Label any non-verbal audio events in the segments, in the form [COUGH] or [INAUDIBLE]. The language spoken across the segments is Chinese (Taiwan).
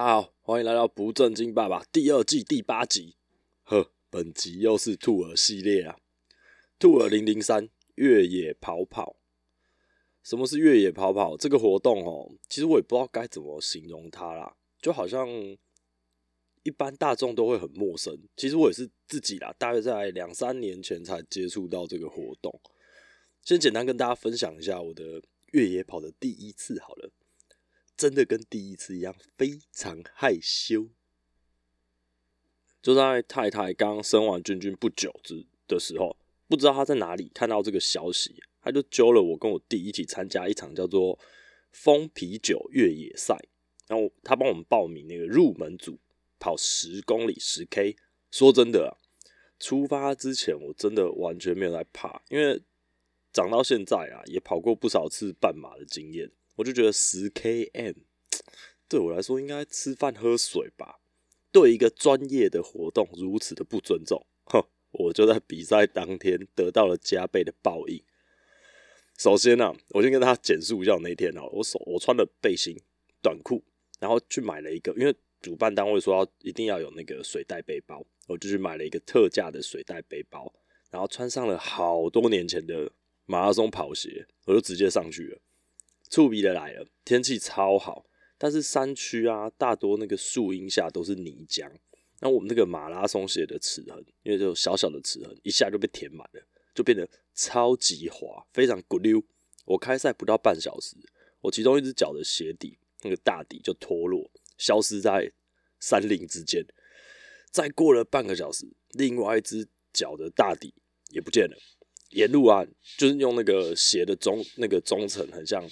大家好，歡迎來到《不正經爸爸》第二季第八集。呵，本集又是兔耳系列啊，兔耳零零三越野跑跑。什麼是越野跑跑這個活動哦？其實我也不知道該怎麼形容它啦，就好像一般大眾都會很陌生。其實我也是自己啦，大約在兩三年前才接觸到這個活動。先簡單跟大家分享一下我的越野跑的第一次好了。真的跟第一次一樣，非常害羞。就在太太剛生完俊俊不久之的時候，不知道她在哪裡看到這個消息，她就揪了我跟我弟一起參加一場叫做“瘋啤酒越野賽”，然後她幫我們報名那個入門組，跑十公里十 K。說真的啊，出發之前我真的完全沒有在怕，因為長到現在啊，也跑過不少次半馬的經驗。我就覺得十 km 對我來說應該吃飯喝水吧，對一個專業的活動如此的不尊重，哼！我就在比賽當天得到了加倍的報應。首先呢、啊，我先跟他簡述一下，我那天啊，我手我穿了背心短褲，然後去買了一個，因為主辦單位說要一定要有那個水袋背包，我就去買了一個特價的水袋背包，然後穿上了好多年前的馬拉松跑鞋，我就直接上去了。觸鼻的來了，天氣超好，但是山區啊，大多那個樹蔭下都是泥漿。那我們那個馬拉松鞋的齒痕，因為就小小的齒痕一下就被填滿了，就變得超級滑，非常骨溜。我開賽不到半小時，我其中一隻腳的鞋底那個大底就脫落，消失在山林之間。再過了半個小時，另外一隻腳的大底也不見了。沿路啊，就是用那個鞋的中那個中層，很像，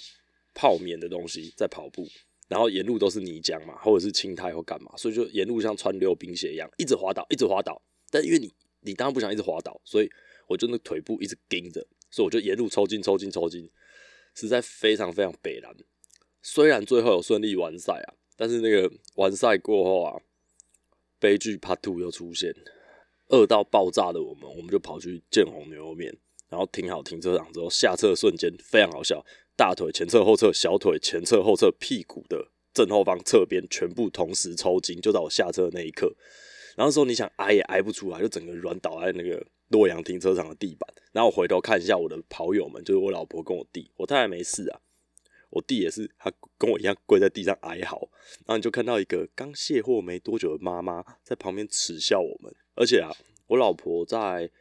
泡棉的東西在跑步，然後沿路都是泥漿嘛，或者是青苔或幹嘛，所以就沿路像穿溜冰鞋一樣，一直滑倒，一直滑倒。但因為你，你當然不想一直滑倒，所以我就那個腿部一直盯着，所以我就沿路抽筋、抽筋、抽筋，實在非常非常悲涼。雖然最後有順利完賽啊，但是那個完賽過後啊，悲劇 part two 又出現，餓到爆炸的我們，我們就跑去見紅牛肉麵，然後停好停車場之後下車瞬間非常好笑。大腿前側、後側，小腿前側、後側，屁股的正後方、側邊，全部同時抽筋，就在我下車的那一刻。然後時候你想哀也哀不出來，就整個軟倒在那個洛陽停車場的地板。然後我回頭看一下我的跑友們，就是我老婆跟我弟，我太太沒事啊，我弟也是，他跟我一樣跪在地上哀嚎。然後你就看到一個剛卸貨沒多久的媽媽在旁邊恥笑我們。而且啊，我老婆在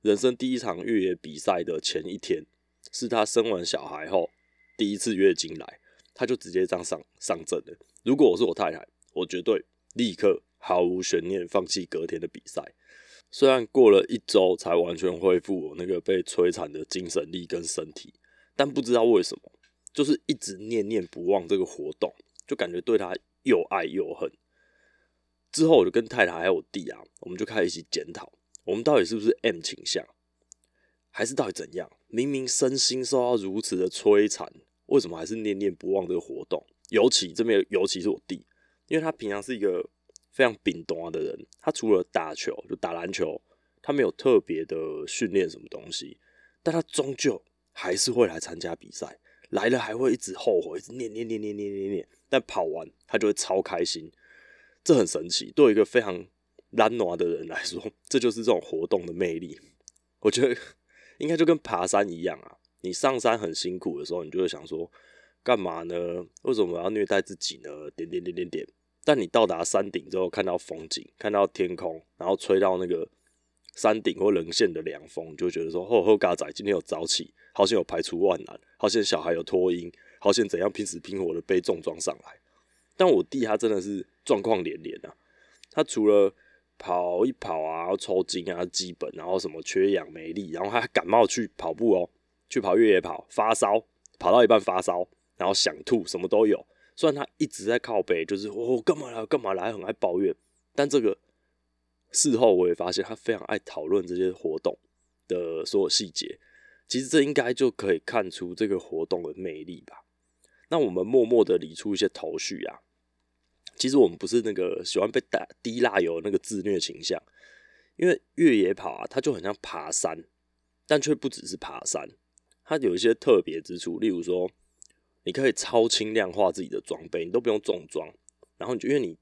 人生第一場越野比賽的前一天，是她生完小孩後。第一次月經來，他就直接這樣上上陣了。如果我是我太太，我絕對立刻毫無懸念放棄隔天的比賽。雖然過了一周才完全恢復我那個被摧殘的精神力跟身體，但不知道為什麼，就是一直念念不忘這個活動，就感覺對他又愛又恨。之後我就跟太太還有我弟啊，我們就開始一起檢討，我們到底是不是 M 傾向，還是到底怎樣？明明身心受到如此的摧殘，為什麼還是念念不忘這個活動？尤其這邊，尤其是我弟，因為他平常是一個非常冰凍的人，他除了打球就打籃球，他沒有特別的訓練什麼東西，但他終究還是會來參加比賽，來了還會一直後悔，一直念念念念念念念，但跑完他就會超開心，這很神奇。對一個非常懶惰的人來說，這就是這種活動的魅力。我覺得應該就跟爬山一樣啊。你上山很辛苦的時候，你就會想說，幹嘛呢？為什麼我要虐待自己呢？點點點點點。但你到達山頂之後，看到風景，看到天空，然後吹到那個山頂或稜線的涼風，你就覺得說：吼吼嘎仔，今天有早起，好險有排除萬難，好險小孩有托嬰，好險怎樣拼死拼活的背重裝上來。但我弟他真的是狀況連連啊，他除了跑一跑啊抽筋啊基本，然後什麼缺氧沒力，然後還感冒去跑步哦。去跑越野跑發燒，跑到一半發燒，然後想吐，什麼都有。雖然他一直在靠北，就是我幹嘛來，哦幹嘛來，很愛抱怨。但這個事後我也發現，他非常愛討論這些活動的所有細節。其實這應該就可以看出這個活動的魅力吧？那我們默默的理出一些頭緒啊。其實我們不是那個喜歡被打滴蠟油那個自虐傾向，因為越野跑啊，它就很像爬山，但卻不只是爬山。它有一些特別之處，例如說，你可以超輕量化自己的裝備，你都不用重裝，然後因為你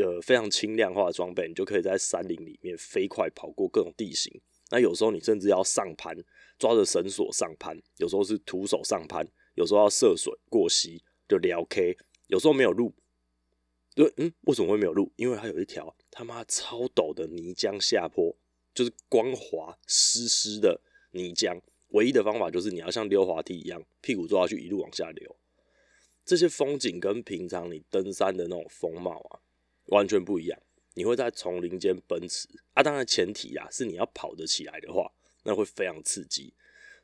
呃非常輕量化的裝備，你就可以在山林裡面飛快跑過各種地形。那有時候你甚至要上攀，抓着繩索上攀；有時候是徒手上攀；有時候要涉水過溪，就撩溪。有時候沒有路，對，嗯，為什麼會沒有路？因為它有一條他媽超陡的泥漿下坡，就是光滑濕濕的泥漿。唯一的方法就是你要像溜滑梯一樣，屁股坐下去，一路往下溜。這些風景跟平常你登山的那種風貌啊，完全不一樣。你會在叢林間奔馳啊，當然前提啊是你要跑得起來的話，那會非常刺激。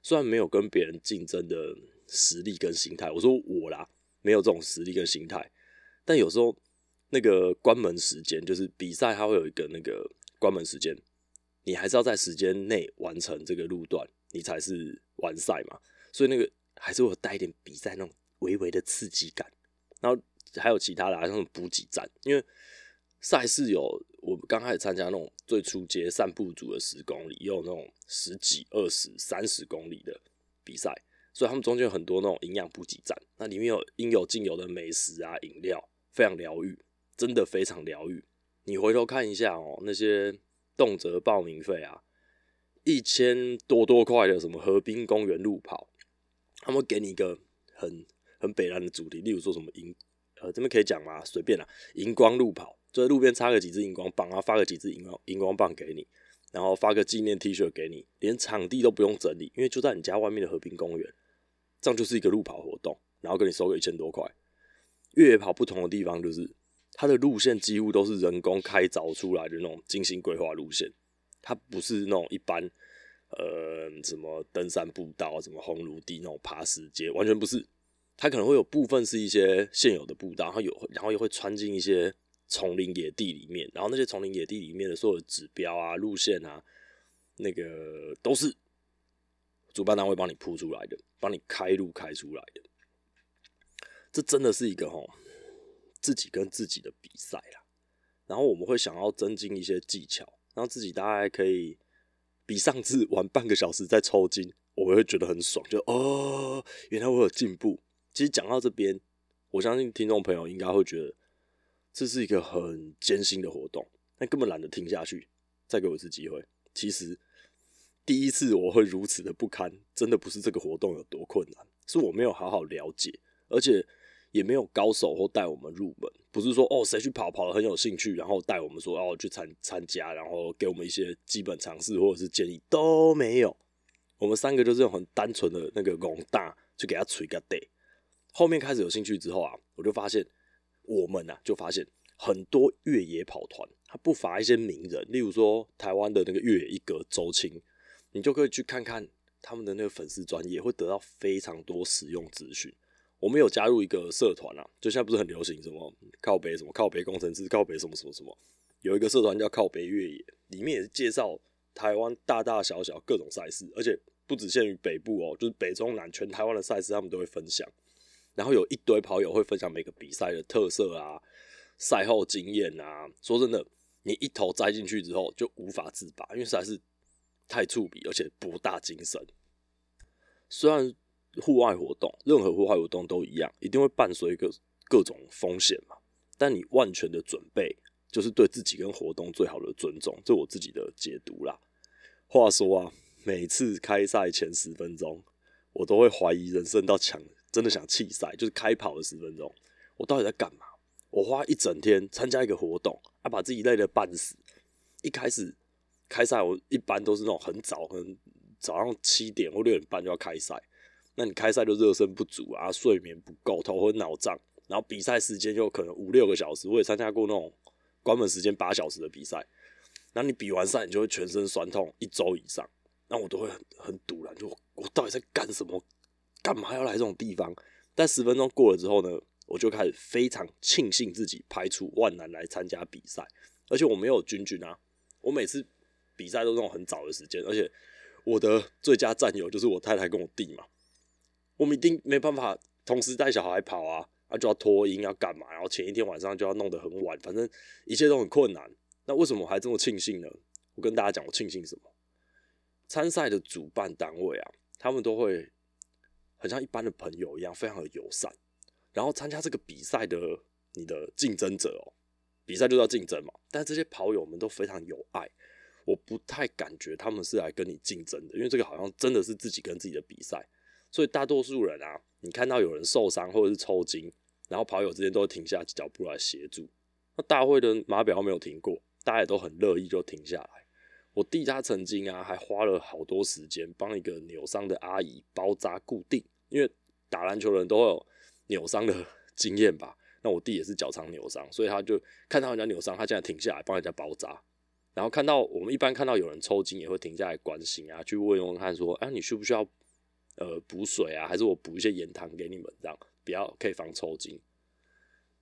雖然沒有跟別人競爭的實力跟心態，我說我啦，沒有這種實力跟心態，但有時候那個關門時間就是比賽，它會有一個那個關門時間，你還是要在時間內完成這個路段。你才是完賽嘛，所以那個還是會帶一點比賽那種微微的刺激感，然後還有其他的、啊，像那種補給站，因為賽事有我剛開始參加那種最初階散步組的十公里，也有那種十幾、二十三十公里的比賽，所以他們中間有很多那種營養補給站，那裡面有應有盡有的美食啊、飲料，非常療癒，真的非常療癒。你回頭看一下哦、喔，那些動輒報名費啊。一千多多塊的什麼河濱公園路跑，他們給你一個很很北南的主題，例如說什麼銀呃這邊可以講嗎？隨便啦，熒光路跑就在路邊插個幾支熒光棒啊，發個幾支熒光熒光棒給你，然後發個紀念 T 恤給你，連場地都不用整理，因為就在你家外面的河濱公園，這樣就是一個路跑活動，然後跟你收個一千多塊。越野跑不同的地方就是它的路線幾乎都是人工開鑿出來的那種精心規劃路線。它不是那種一般，呃，什麼登山步道，什麼紅爐地那種爬石階，完全不是。它可能會有部分是一些現有的步道，然後有，然後又會穿進一些叢林野地裡面，然後那些叢林野地裡面的所有的指標啊、路線啊，那個都是主辦單位幫你鋪出來的，幫你開路開出來的。這真的是一個吼，自己跟自己的比賽啦。然後我們會想要增進一些技巧。然後自己大概可以比上次晚半個小時再抽筋，我會覺得很爽，就哦，原來我有進步。其實講到這邊，我相信聽眾朋友應該會覺得這是一個很艱辛的活動，但根本懶得聽下去。再給我一次機會，其實第一次我會如此的不堪，真的不是這個活動有多困難，是我沒有好好了解，而且。也沒有高手或帶我們入門，不是說哦誰去跑跑的很有興趣，然後帶我們說哦去參參加，然後給我們一些基本常識或者是建議都沒有。我們三個就是很單純的那個廣大，去給他吹個背。後面開始有興趣之後啊，我就發現我們呢、啊、就發現很多越野跑團，它不乏一些名人，例如說台灣的那個越野一哥周青，你就可以去看看他們的那個粉絲專頁，會得到非常多實用資訊。我們有加入一個社團啊，就現在不是很流行什麼靠北什麼靠北工程師靠北什麼什麼什麼，有一個社團叫靠北越野，裡面也是介紹台灣大大小小各種賽事，而且不止限於北部哦，就是北中南全台灣的賽事他們都會分享。然後有一堆跑友會分享每個比賽的特色啊，賽後經驗啊。說真的，你一頭栽進去之後就無法自拔，因為實在是太觸筆而且博大精深，雖然。戶外活動，任何戶外活動都一樣，一定會伴隨各各種風險嘛。但你萬全的準備，就是對自己跟活動最好的尊重，這是我自己的解讀啦。話說啊，每次開賽前十分鐘，我都會懷疑人生到強，真的想棄賽。就是開跑的十分鐘，我到底在幹嘛？我花一整天參加一個活動，還、啊、把自己累得半死。一開始開賽，我一般都是那種很早，很早上七點或六點半就要開賽。那你開賽就熱身不足啊，睡眠不夠，頭昏腦脹，然後比賽時間就可能五六個小時。我也參加過那種關門時間八小時的比賽，那你比完賽，你就會全身痠痛一周以上。那我都會很堵，很突然，就我到底在幹什麼？幹嘛要來這種地方？但十分鐘過了之後呢，我就開始非常慶幸自己排除萬難來參加比賽，而且我沒有軍訓啊，我每次比賽都那種很早的時間，而且我的最佳戰友就是我太太跟我弟嘛。我們一定沒辦法同時帶小孩跑啊，啊就要託運要幹嘛，然後前一天晚上就要弄得很晚，反正一切都很困難。那為什麼我還這麼慶幸呢？我跟大家講，我慶幸什麼？參賽的主辦單位啊，他們都會很像一般的朋友一樣，非常的友善。然後參加這個比賽的你的競爭者哦，比賽就要競爭嘛，但這些跑友們都非常友愛，我不太感覺他們是來跟你競爭的，因為這個好像真的是自己跟自己的比賽。所以大多數人啊，你看到有人受傷或者是抽筋，然後跑友之間都會停下腳步來協助。那大會的碼表沒有停過，大家也都很樂意就停下來。我弟他曾經啊，還花了好多時間幫一個扭傷的阿姨包扎固定，因為打籃球的人都會有扭傷的經驗吧。那我弟也是腳長扭傷，所以他就看到人家扭傷，他現在停下來幫人家包紮。然後看到我們一般看到有人抽筋，也會停下來關心啊，去問一問看說，啊，你需不需要？呃，補水啊，還是我補一些鹽糖給你們，這樣比較可以防抽筋。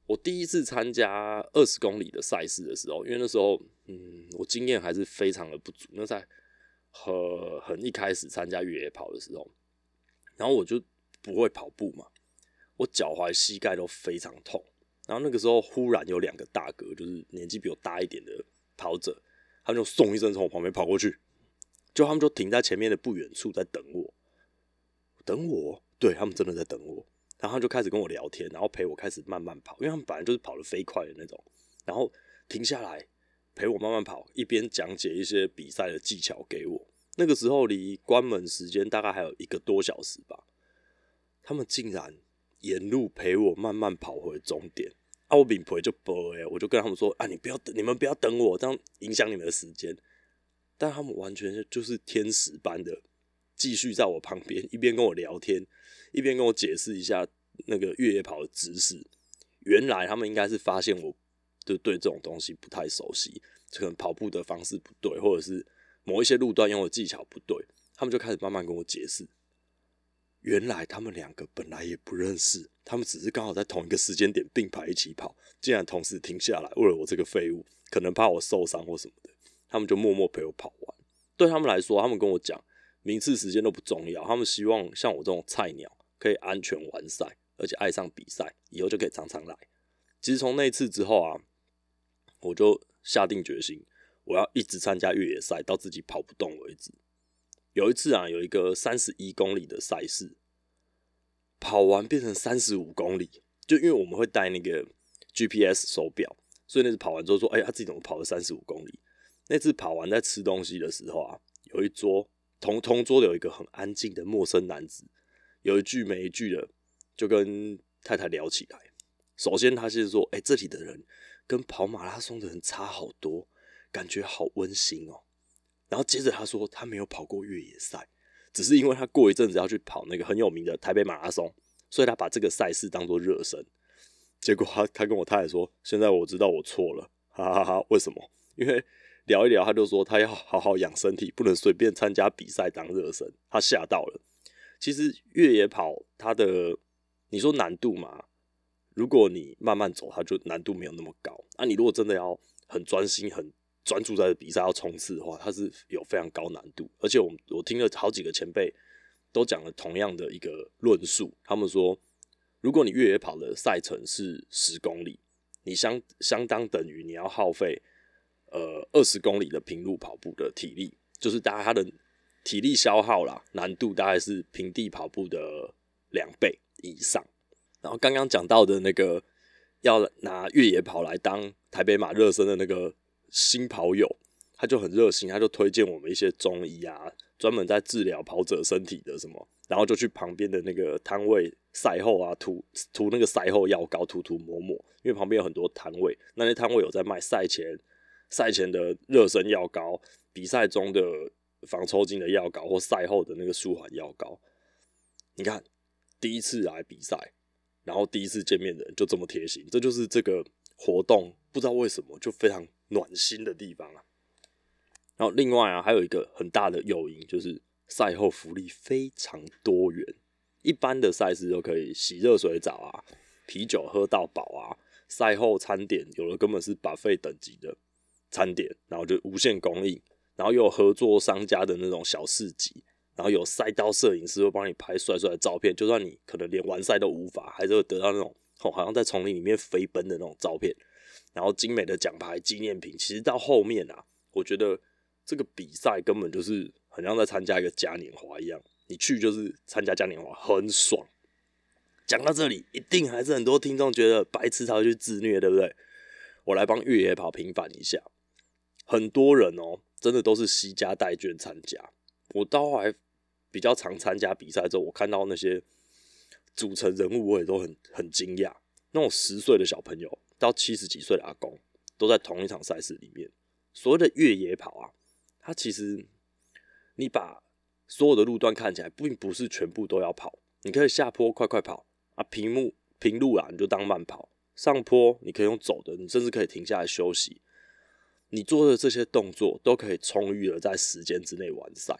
我第一次參加二十公里的賽事的時候，因為那時候嗯，我經驗還是非常的不足。那在很很一開始參加越野跑的時候，然後我就不會跑步嘛，我腳踝、膝蓋都非常痛。然後那個時候忽然有兩個大哥，就是年紀比我大一點的跑者，他們就“嗖”一聲從我旁邊跑過去，就他們就停在前面的不遠處在等我。等我，對，他們真的在等我，然後他們就開始跟我聊天，然後陪我開始慢慢跑，因為他們本來就是跑得飛快的那種，然後停下來陪我慢慢跑，一邊講解一些比賽的技巧給我。那個時候離關門時間大概還有一個多小時吧，他們竟然沿路陪我慢慢跑回終點。啊，我面皮很薄耶，我就跟他們說啊，你不要等，你們不要等我，這樣影響你們的時間。但他們完全就是天使般的。繼續在我旁邊，一邊跟我聊天，一邊跟我解釋一下那個越野跑的知識。原來他們應該是發現我就對這種東西不太熟悉，可能跑步的方式不對，或者是某一些路段用的技巧不對，他們就開始慢慢跟我解釋。原來他們兩個本來也不認識，他們只是剛好在同一個時間點並排一起跑，竟然同時停下來，為了我這個廢物，可能怕我受傷或什麼的，他們就默默陪我跑完。對他們來說，他們跟我講，名次、時間都不重要，他們希望像我這種菜鳥可以安全完賽，而且愛上比賽，以後就可以常常來。其實從那次之後啊，我就下定決心，我要一直參加越野賽，到自己跑不動為止。有一次啊，有一個三十一公里的賽事，跑完變成三十五公里，就因為我們會帶那個 GPS 手錶，所以那次跑完之後說：“哎呀，自己怎麼跑了三十五公里？”那次跑完在吃東西的時候啊，有一桌。同同桌有一個很安靜的陌生男子，有一句沒一句的就跟太太聊起來。首先，他就是說：“哎，這裡的人跟跑馬拉松的人差好多，感覺好溫馨哦。”然後接着他說：“他沒有跑過越野賽，只是因為他過一陣子要去跑那個很有名的台北馬拉松，所以他把這個賽事當做熱身。”結果他他跟我太太說：“現在我知道我錯了，哈哈哈哈！為什麼？因為。”聊一聊，他就說他要好好養身體，不能隨便參加比賽當熱身。他嚇到了。其實越野跑，它的你說難度嘛，如果你慢慢走，它就難度沒有那麼高。那、啊、你如果真的要很專心、很專注在比賽要衝刺的話，它是有非常高難度。而且我我聽了好幾個前輩都講了同樣的一個論述，他們說，如果你越野跑的賽程是十公里，你相相當等於你要耗費。呃，二十公里的平路跑步的體力，就是大家他的體力消耗啦，難度大概是平地跑步的兩倍以上。然後剛剛講到的那個要拿越野跑來當台北馬熱身的那個新跑友，他就很熱心，他就推薦我們一些中醫啊，專門在治療跑者身體的什麼，然後就去旁邊的那個攤位賽後啊塗塗那個賽後藥膏，塗塗抹抹抹，因為旁邊有很多攤位，那些攤位有在賣賽前。賽前的熱身藥膏，比賽中的防抽筋的藥膏，或賽後的那個舒緩藥膏。你看，第一次來比賽，然後第一次見面的人就這麼貼心，這就是這個活動不知道為什麼就非常暖心的地方啊。然後另外啊，還有一個很大的誘因，就是賽後福利非常多元，一般的賽事都可以洗熱水澡啊，啤酒喝到飽啊，賽後餐點有的根本是 buffet 等級的。餐點，然後就無限供應，然後又有合作商家的那種小市集，然後有賽道攝影師會幫你拍帥帥的照片，就算你可能連完賽都無法，還是會得到那種，哦，好像在叢林裡面飛奔的那種照片，然後精美的獎牌紀念品。其實到後面啊，我覺得這個比賽根本就是很像在參加一個嘉年華一樣，你去就是參加嘉年華，很爽。講到這裡，一定還是很多聽眾覺得白痴才會去自虐，對不對？我來幫越野跑平反一下。很多人哦、喔，真的都是攜家帶眷參加。我到後來比較常參加比賽之後，我看到那些組成人物，我也都很很驚訝。那種十歲的小朋友到七十幾歲的阿公，都在同一場賽事裡面。所謂的越野跑啊，它其實你把所有的路段看起來，並不是全部都要跑。你可以下坡快快跑啊，平路平路啊，你就當慢跑；上坡你可以用走的，你甚至可以停下來休息。你做的這些動作都可以充裕的在時間之內完賽，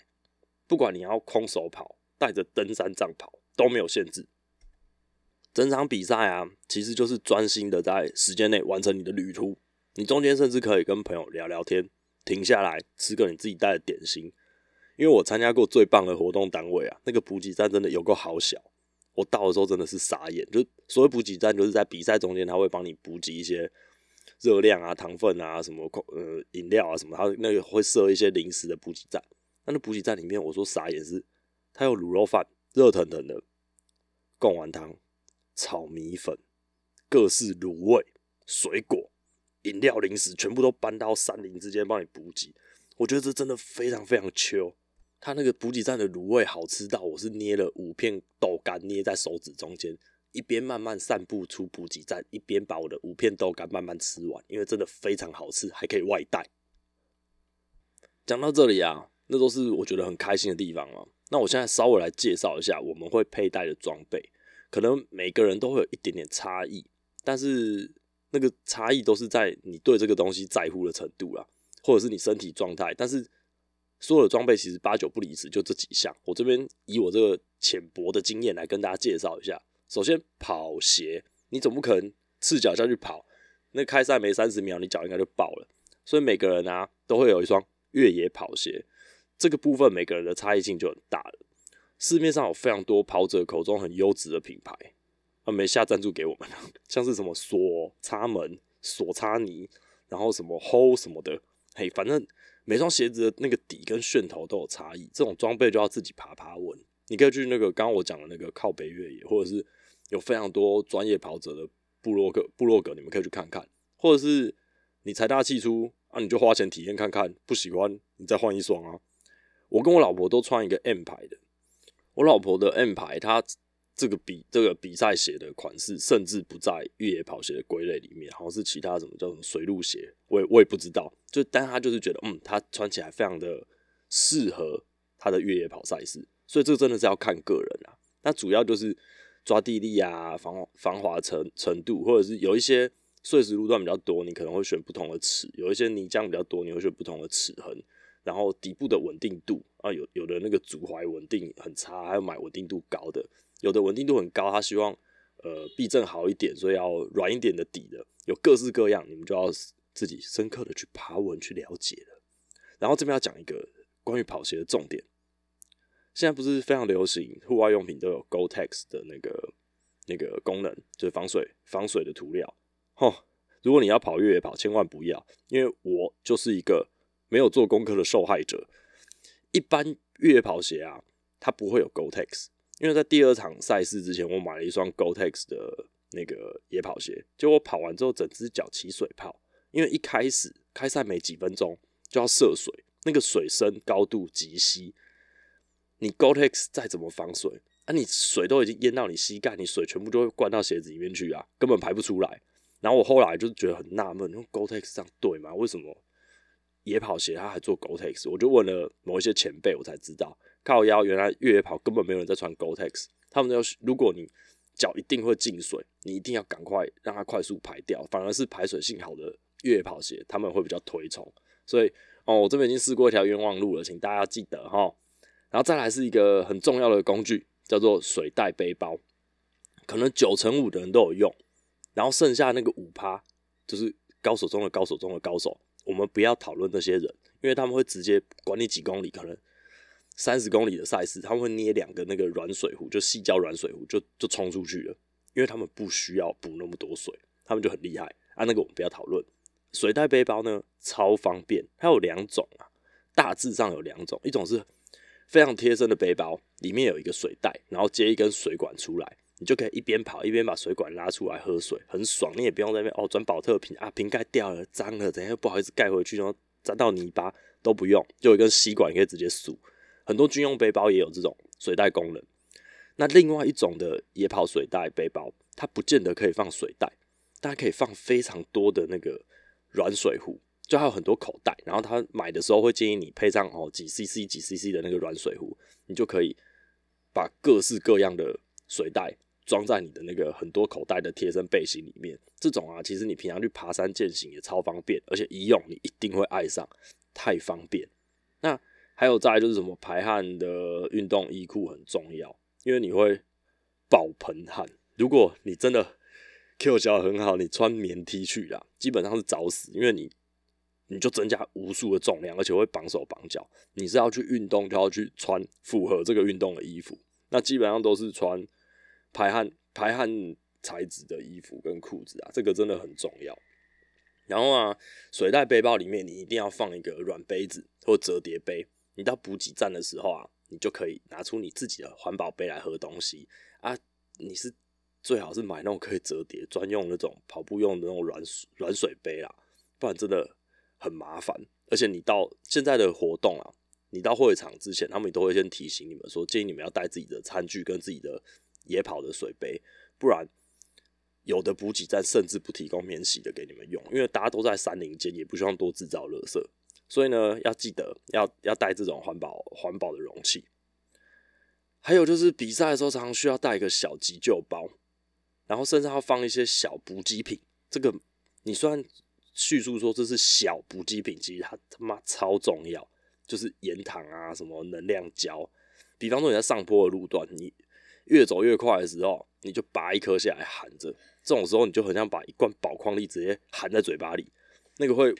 不管你要空手跑、帶着登山杖跑都沒有限制。整場比賽啊，其實就是專心的在時間內完成你的旅途。你中間甚至可以跟朋友聊聊天，停下來吃個你自己帶的點心。因為我參加過最棒的活動單位啊，那個補給站真的有夠好小，我到的時候真的是傻眼。就所謂補給站，就是在比賽中間他會幫你補給一些。熱量啊，糖分啊，什麼空、呃飲料啊，什麼，它那個會設一些零食的補給站。但那補給站裡面，我說傻眼，它有滷肉飯，熱騰騰的，貢丸湯，炒米粉，各式滷味，水果，飲料，零食，全部都搬到山林之間幫你補給。我覺得這真的非常非常 Q。它那個補給站的滷味好吃到，我是捏了五片豆乾捏在手指中間。一邊慢慢散步出補給站，一邊把我的五片豆乾慢慢吃完，因為真的非常好吃，還可以外帶。講到這裡啊，那都是我覺得很開心的地方了。那我現在稍微來介紹一下我們會佩戴的裝備，可能每個人都會有一點點差異，但是那個差異都是在你對這個東西在乎的程度啦，或者是你身體狀態。但是所有的裝備其實八九不離十，就這幾項。我這邊以我這個淺薄的經驗來跟大家介紹一下。首先，跑鞋，你總不可能赤腳下去跑，那開賽沒三十秒，你腳應該就爆了。所以每個人啊都會有一雙越野跑鞋，這個部分每個人的差異性就很大了。市面上有非常多跑者口中很優質的品牌，他、啊、們沒下贊助給我們 [LAUGHS] 像是什麼鎖擦門、鎖擦泥，然後什麼 ho 什麼的，嘿，反正每雙鞋子的那個底跟楦頭都有差異。這種裝備就要自己爬爬文，你可以去那個剛剛我講的那個靠北越野，或者是。有非常多專業跑者的部落格，部落格，你們可以去看看。或者是你財大氣粗啊，你就花錢體驗看看。不喜歡你再換一雙啊。我跟我老婆都穿一個 M 牌的，我老婆的 M 牌，她這個比這個比賽鞋的款式，甚至不在越野跑鞋的歸類裡面，好像是其他什麼叫做水路鞋，我也我也不知道。就，但她就是覺得，嗯，她穿起來非常的適合她的越野跑賽事，所以這個真的是要看個人啊。那主要就是。抓地力啊，防防滑程程度，或者是有一些碎石路段比較多，你可能會選不同的齒；有一些泥漿比較多，你會選不同的齒痕。然後底部的穩定度啊，有有的那個足踝穩定很差，還要買穩定度高的；有的穩定度很高，他希望呃避震好一點，所以要軟一點的底的。有各式各樣，你們就要自己深刻的去爬文去了解了。然後這邊要講一個關於跑鞋的重點。現在不是非常流行戶外用品都有 Gore-Tex 的那個那個功能，就是防水防水的塗料。吼，如果你要跑越野跑，千萬不要，因為我就是一個沒有做功課的受害者。一般越野跑鞋啊，它不會有 Gore-Tex，因為在第二場賽事之前，我買了一雙 Gore-Tex 的那個野跑鞋，結果我跑完之後整隻腳起水泡，因為一開始開賽沒幾分鐘就要涉水，那個水深高度及膝。你 Gore-Tex 再怎麼防水，啊，你水都已經淹到你膝蓋，你水全部就會灌到鞋子裡面去啊，根本排不出來。然後我後來就覺得很納悶，用 Gore-Tex 這樣對嗎？為什麼野跑鞋它還做 Gore-Tex？我就問了某一些前輩，我才知道靠腰，原來越野跑根本沒有人在穿 Gore-Tex，他們要，如果你腳一定會進水，你一定要趕快讓它快速排掉，反而是排水性好的越野跑鞋他們會比較推崇。所以哦，我這邊已經試過一條冤枉路了，請大家記得哈。然後再來是一個很重要的工具，叫做水袋背包，可能九成五的人都有用。然後剩下那個五趴，就是高手中的高手中的高手。我們不要討論那些人，因為他們會直接管你幾公里，可能三十公里的賽事，他們會捏兩個那個軟水壺，就矽膠軟水壺，就就衝出去了。因為他們不需要補那麼多水，他們就很厲害啊。那個我們不要討論。水袋背包呢，超方便，它有兩種啊，大致上有兩種，一種是。非常貼身的背包，裡面有一個水袋，然後接一根水管出來，你就可以一邊跑一邊把水管拉出來喝水，很爽。你也不用在那邊哦轉保特瓶啊，瓶蓋掉了髒了，等一下不好意思蓋回去，然後沾到泥巴都不用，就有一根吸管可以直接輸。很多軍用背包也有這種水袋功能。那另外一種的野跑水袋背包，它不見得可以放水袋，它可以放非常多的那個軟水壺。就還有很多口袋，然後他買的時候會建議你配上哦幾 CC 幾 CC 的那個軟水壺，你就可以把各式各樣的水袋裝在你的那個很多口袋的貼身背心裡面。這種啊，其實你平常去爬山健行也超方便，而且一用你一定會愛上，太方便。那還有再來就是什麼排汗的運動衣褲很重要，因為你會爆盆汗。如果你真的 Q 小很好，你穿棉 T 去啦，基本上是找死，因為你。你就增加無數的重量，而且會綁手綁腳。你是要去運動，就要去穿符合這個運動的衣服，那基本上都是穿排汗、排汗材質的衣服跟褲子啊。這個真的很重要。然後啊，水袋背包裡面你一定要放一個軟杯子或折疊杯。你到補給站的時候啊，你就可以拿出你自己的環保杯來喝東西啊。你是最好是買那種可以折疊、專用那種跑步用的那種軟水軟水杯啦，不然真的。很麻煩，而且你到現在的活動啊，你到會場之前，他們也都會先提醒你們說，建議你們要帶自己的餐具跟自己的野跑的水杯，不然有的補給站甚至不提供免洗的給你們用，因為大家都在山林間，也不希望多制造垃圾，所以呢，要記得要要帶這種環保環保的容器。還有就是比賽的時候，常常需要帶一個小急救包，然後甚至要放一些小補給品。這個你雖然。敘述說這是小補給品，其實它他媽超重要，就是鹽糖啊，什麼能量膠。比方說你在上坡的路段，你越走越快的時候，你就拔一顆下來含着。這種時候你就很像把一罐寶礦力直接含在嘴巴裡，那個會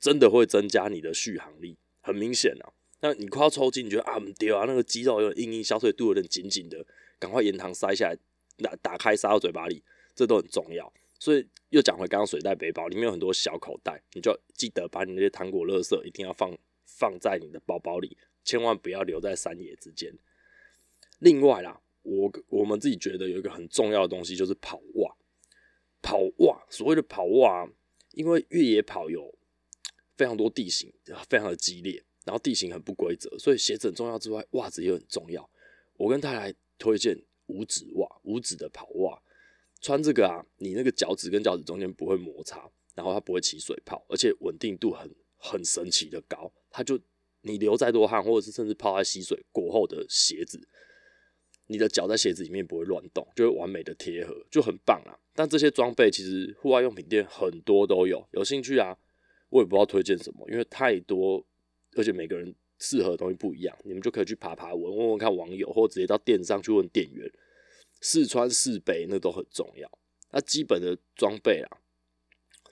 真的會增加你的續航力，很明顯啊，但你快要抽筋，你覺得啊，很丟啊，那個肌肉有點硬硬，小腿肚有點緊緊的，趕快鹽糖塞下來，打打開塞到嘴巴裡，這都很重要。所以又講回剛剛水袋背包，裡面有很多小口袋，你就記得把你那些糖果垃圾一定要放放在你的包包裡，千萬不要留在山野之間。另外啦，我我們自己覺得有一個很重要的東西就是跑襪，跑襪，所謂的跑襪啊，因為越野跑有非常多地形，非常的激烈，然後地形很不規則，所以鞋子很重要之外，襪子也很重要。我跟大家推薦五指襪，五指的跑襪。穿這個啊，你那個腳趾跟腳趾中間不會摩擦，然後它不會起水泡，而且穩定度很很神奇的高。它就你流再多汗，或者是甚至泡在溪水過後的鞋子，你的腳在鞋子裡面不會亂動，就會完美的貼合，就很棒啊。但這些裝備其實戶外用品店很多都有，有興趣啊，我也不知道推薦什麼，因為太多，而且每個人適合的東西不一樣，你們就可以去爬爬文，問問看網友，或者直接到店上去問店員。試穿試背那都很重要。那基本的裝備啊，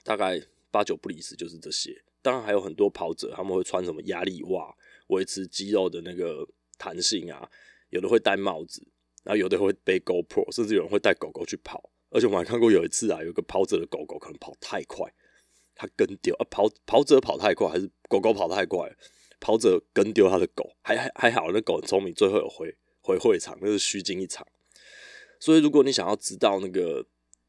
大概八九不離十就是這些。當然還有很多跑者他們會穿什麼壓力襪，維持肌肉的那個彈性啊。有的會戴帽子，然後有的會背 GoPro，甚至有人會帶狗狗去跑。而且我還看過有一次啊，有個跑者的狗狗可能跑太快，它跟丟啊，跑，跑者跑太快還是狗狗跑太快，跑者跟丟他的狗，還還還好，那狗很聰明，最後有回，回會場，那是虛驚一場。所以，如果你想要知道那個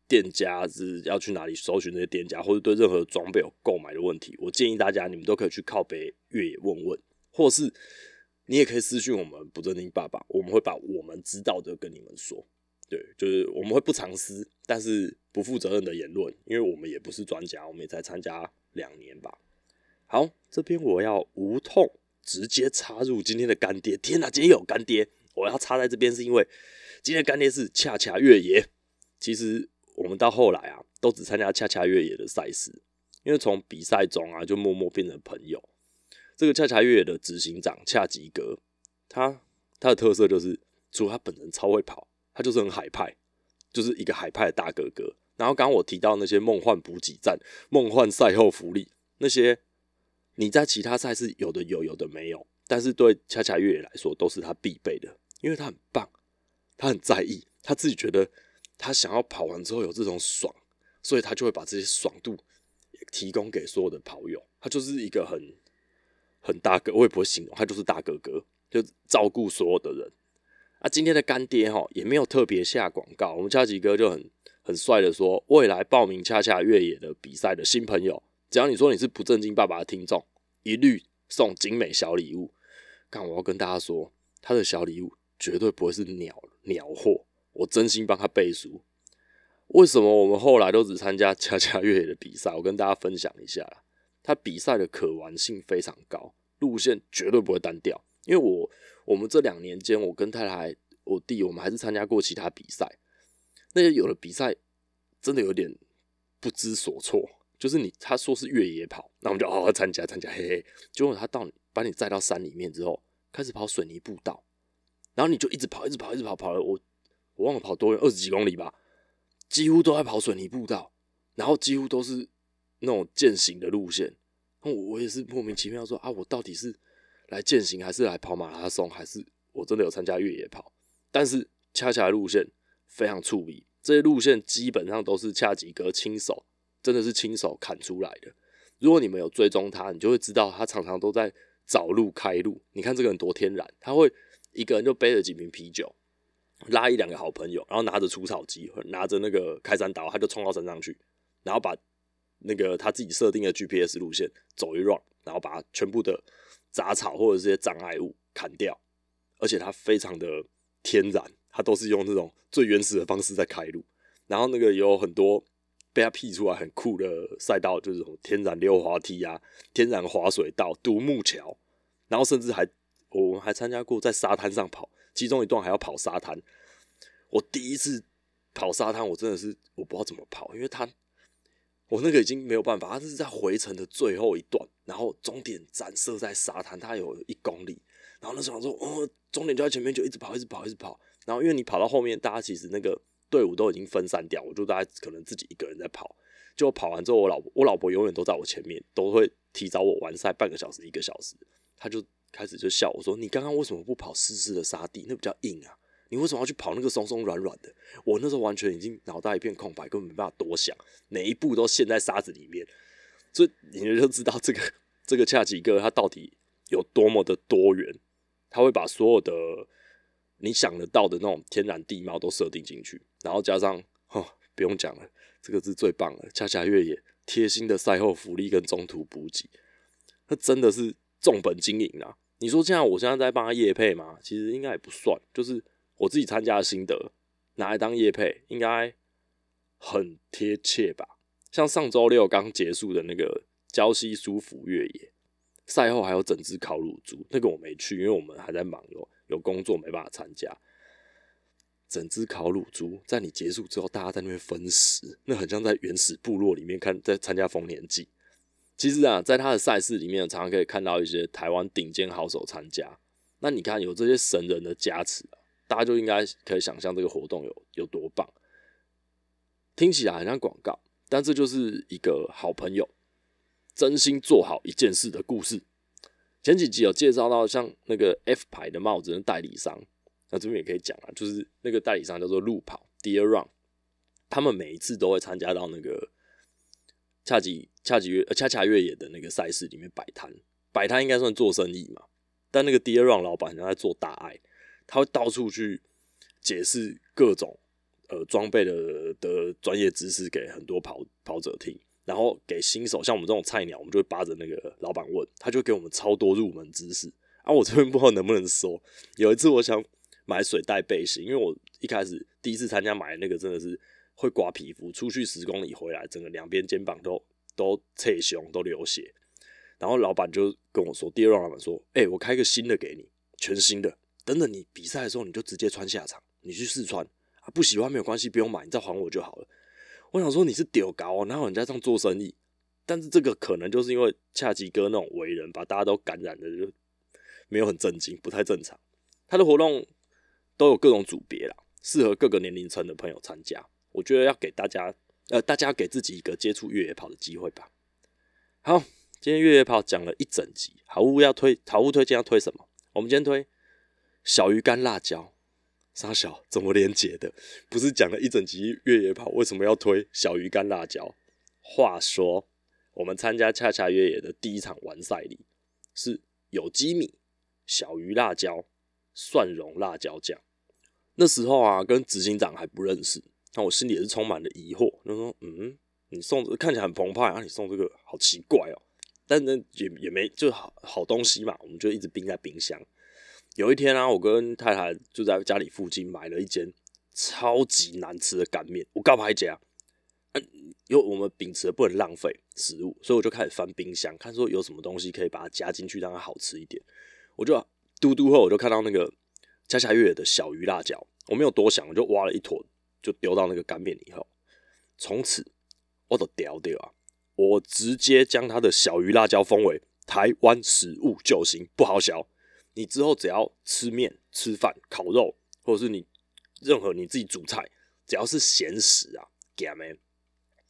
店家，是要去哪裡搜尋那些店家，或者對任何裝備有購買的問題，我建議大家你們都可以去靠北越野問問，或是你也可以私訊我們不正經爸爸，我們會把我們知道的跟你們說。對，就是我們會不藏私，但是不負責任的言論，因為我們也不是專家，我們也才參加兩年吧。好，這邊我要無痛直接插入今天的乾爹，天哪、啊，今天有乾爹！我要插在這邊是因為。今天乾爹是恰恰越野，其實我們到後來啊，都只參加恰恰越野的賽事，因為從比賽中啊，就默默變成朋友。這個恰恰越野的執行長恰吉格，他他的特色就是，除了他本人超會跑，他就是很海派，就是一個海派的大哥哥。然後剛剛我提到那些夢幻補給站、夢幻賽後福利，那些你在其他賽事有的有，有的沒有，但是對恰恰越野來說都是他必備的，因為他很棒。他很在意，他自己覺得他想要跑完之後有這種爽，所以他就會把這些爽度提供給所有的跑友。他就是一個很很大哥，我也不會形容，他就是大哥哥，就是、照顧所有的人。啊，今天的乾爹哈也沒有特別下廣告，我們恰恰哥就很很帥的說，未來報名恰恰越野的比賽的新朋友，只要你說你是不正經爸爸的聽眾，一律送精美小禮物。剛我要跟大家說他的小禮物。絕對不會是鳥鳥貨，我真心幫他背書。為什麼我們後來都只參加恰恰越野的比賽？我跟大家分享一下啦，他比賽的可玩性非常高，路線絕對不會單調。因為我我們這兩年間，我跟太太、我弟，我們還是參加過其他比賽。那些有的比賽真的有點不知所措，就是你他說是越野跑，那我們就好好參加參加，嘿嘿。結果他到把你載到山裡面之後，開始跑水泥步道。然後你就一直跑，一直跑，一直跑，跑了我，我忘了跑多遠，二十幾公里吧，幾乎都在跑水泥步道，然後幾乎都是那種健行的路線。我我也是莫名其妙說啊，我到底是來健行還是來跑馬拉松，還是我真的有參加越野跑？但是恰恰的路線非常粗鄙，這些路線基本上都是恰吉哥親手，真的是親手砍出來的。如果你沒有追蹤他，你就會知道他常常都在找路開路。你看這個人多天然，他會。一個人就背着幾瓶啤酒，拉一兩個好朋友，然後拿着除草機，拿着那個開山刀，他就衝到山上去，然後把那個他自己設定的 GPS 路線走一 run，然後把全部的雜草或者這些障礙物砍掉，而且他非常的天然，他都是用那種最原始的方式在開路。然後那個有很多被他劈出來很酷的賽道，就是天然溜滑梯啊、天然滑水道、獨木橋，然後甚至還。我們還參加過在沙灘上跑，其中一段還要跑沙灘。我第一次跑沙灘，我真的是我不知道怎麼跑，因為他，我那個已經沒有辦法，他是在回程的最後一段，然後終點站設在沙灘，他有一公里。然後那時候說，哦、嗯，終點就在前面，就一直跑，一直跑，一直跑。然後因為你跑到後面，大家其實那個隊伍都已經分散掉，我就大概可能自己一個人在跑。就跑完之後，我老我老婆永遠都在我前面，都會提早我完賽半個小時一個小時，他就。開始就笑我說：“你剛剛為什麼不跑濕濕的沙地？那比較硬啊！你為什麼要去跑那個松松軟軟的？”我那時候完全已經腦袋一片空白，根本沒辦法多想，每一步都陷在沙子裡面。所以你就知道這個這個恰幾個，它到底有多麼的多元。他會把所有的你想得到的那種天然地貌都設定進去，然後加上哦，不用講了，這個是最棒的。恰恰越野貼心的賽後福利跟中途補給，那真的是。重本經營啊，你說現在我現在在幫他業配嗎？其實應該也不算，就是我自己參加的心得拿來當業配，應該很貼切吧？像上周六剛結束的那個礁溪舒服越野，賽後還有整只烤乳豬，那個我沒去，因為我們還在忙咯，有工作沒辦法參加。整只烤乳豬在你結束之後，大家在那邊分食，那很像在原始部落裡面看在參加豐年祭。其實啊，在他的賽事裡面，常常可以看到一些台灣頂尖好手參加。那你看有這些神人的加持啊，大家就應該可以想象這個活動有有多棒。聽起來很像廣告，但這就是一個好朋友真心做好一件事的故事。前幾集有介紹到像那個 F 牌的帽子的代理商，那這邊也可以講啊，就是那個代理商叫做路跑 （Dear Run），他們每一次都會參加到那個下集。恰恰恰越野的那個賽事裡面擺攤，擺攤應該算做生意嘛。但那個 Deer Run 老板好像在做大愛，他會到處去解釋各種呃裝備的的專業知識給很多跑跑者聽，然後給新手像我們這種菜鳥，我們就會扒着那個老板問，他就給我們超多入門知識啊。我這邊不知道能不能說，有一次我想買水袋背心，因為我一開始第一次參加買的那個真的是會刮皮膚，出去十公里回來，整個兩邊肩膀都。都刺胸都流血，然後老闆就跟我說，第二老闆說：“哎、欸，我開一個新的給你，全新的，等等你比賽的時候你就直接穿下場，你去試穿啊，不喜歡沒有關係，不用買，你再還我就好了。”我想說你是丟高，哪有人家這樣做生意？但是這個可能就是因為恰吉哥那種為人，把大家都感染了，就沒有很震驚，不太正常。他的活動都有各種組別啦，適合各個年齡層的朋友參加。我覺得要給大家。呃，大家給自己一個接觸越野跑的機會吧。好，今天越野跑講了一整集，好物要推，好物推薦要推什麼？我們今天推小魚乾辣椒。三小怎麼連接的？不是講了一整集越野跑，為什麼要推小魚乾辣椒？話說，我們參加恰恰越野的第一場完賽禮，是有機米、小魚辣椒、蒜蓉辣椒醬。那時候啊，跟執行長還不認識。那我心裡也是充滿了疑惑，他說：“嗯，你送、這個、看起來很澎湃、啊，那你送這個好奇怪哦、喔。”但呢，也也沒，就好好東西嘛，我們就一直冰在冰箱。有一天啊，我跟太太就在家裡附近買了一間超級難吃的乾麵。我告白講，因為我們秉持不能浪費食物，所以我就開始翻冰箱，看說有什麼東西可以把它加進去，讓它好吃一點。我就、啊、嘟嘟後，我就看到那個恰恰月的小魚辣椒，我沒有多想，我就挖了一坨。就丟到那個乾麵以後，從此我都丟掉啊！我直接將他的小魚辣椒封為台灣食物救星，不好笑。你之後只要吃麵、吃飯、烤肉，或者是你任何你自己煮菜，只要是鹹食啊、乾妹，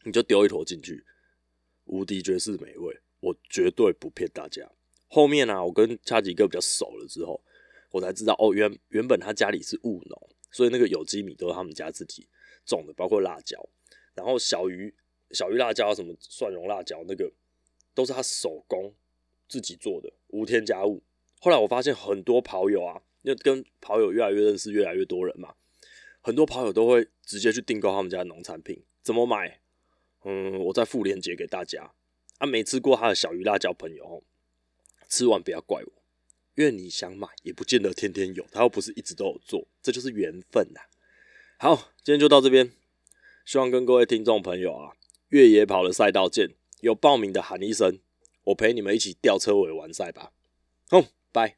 你就丟一坨進去，無敵絕世美味！我絕對不騙大家。後面呢、啊，我跟恰吉哥比較熟了之後，我才知道哦，原原本他家裡是務農。所以那個有機米都是他們家自己種的，包括辣椒，然後小魚小魚辣椒什麼蒜蓉辣椒那個都是他手工自己做的，無添加物。後來我發現很多跑友啊，因為跟跑友越來越認識，越來越多人嘛，很多跑友都會直接去訂購他們家的農產品。怎麼買？嗯，我再附鏈接給大家。啊，沒吃過他的小魚辣椒朋友，吃完不要怪我。願你想買，也不見得天天有，他又不是一直都有做，這就是緣分啊。好，今天就到這邊，希望跟各位聽眾朋友啊，越野跑的賽道見，有報名的喊一聲，我陪你們一起吊車尾完賽吧。哼、嗯，拜。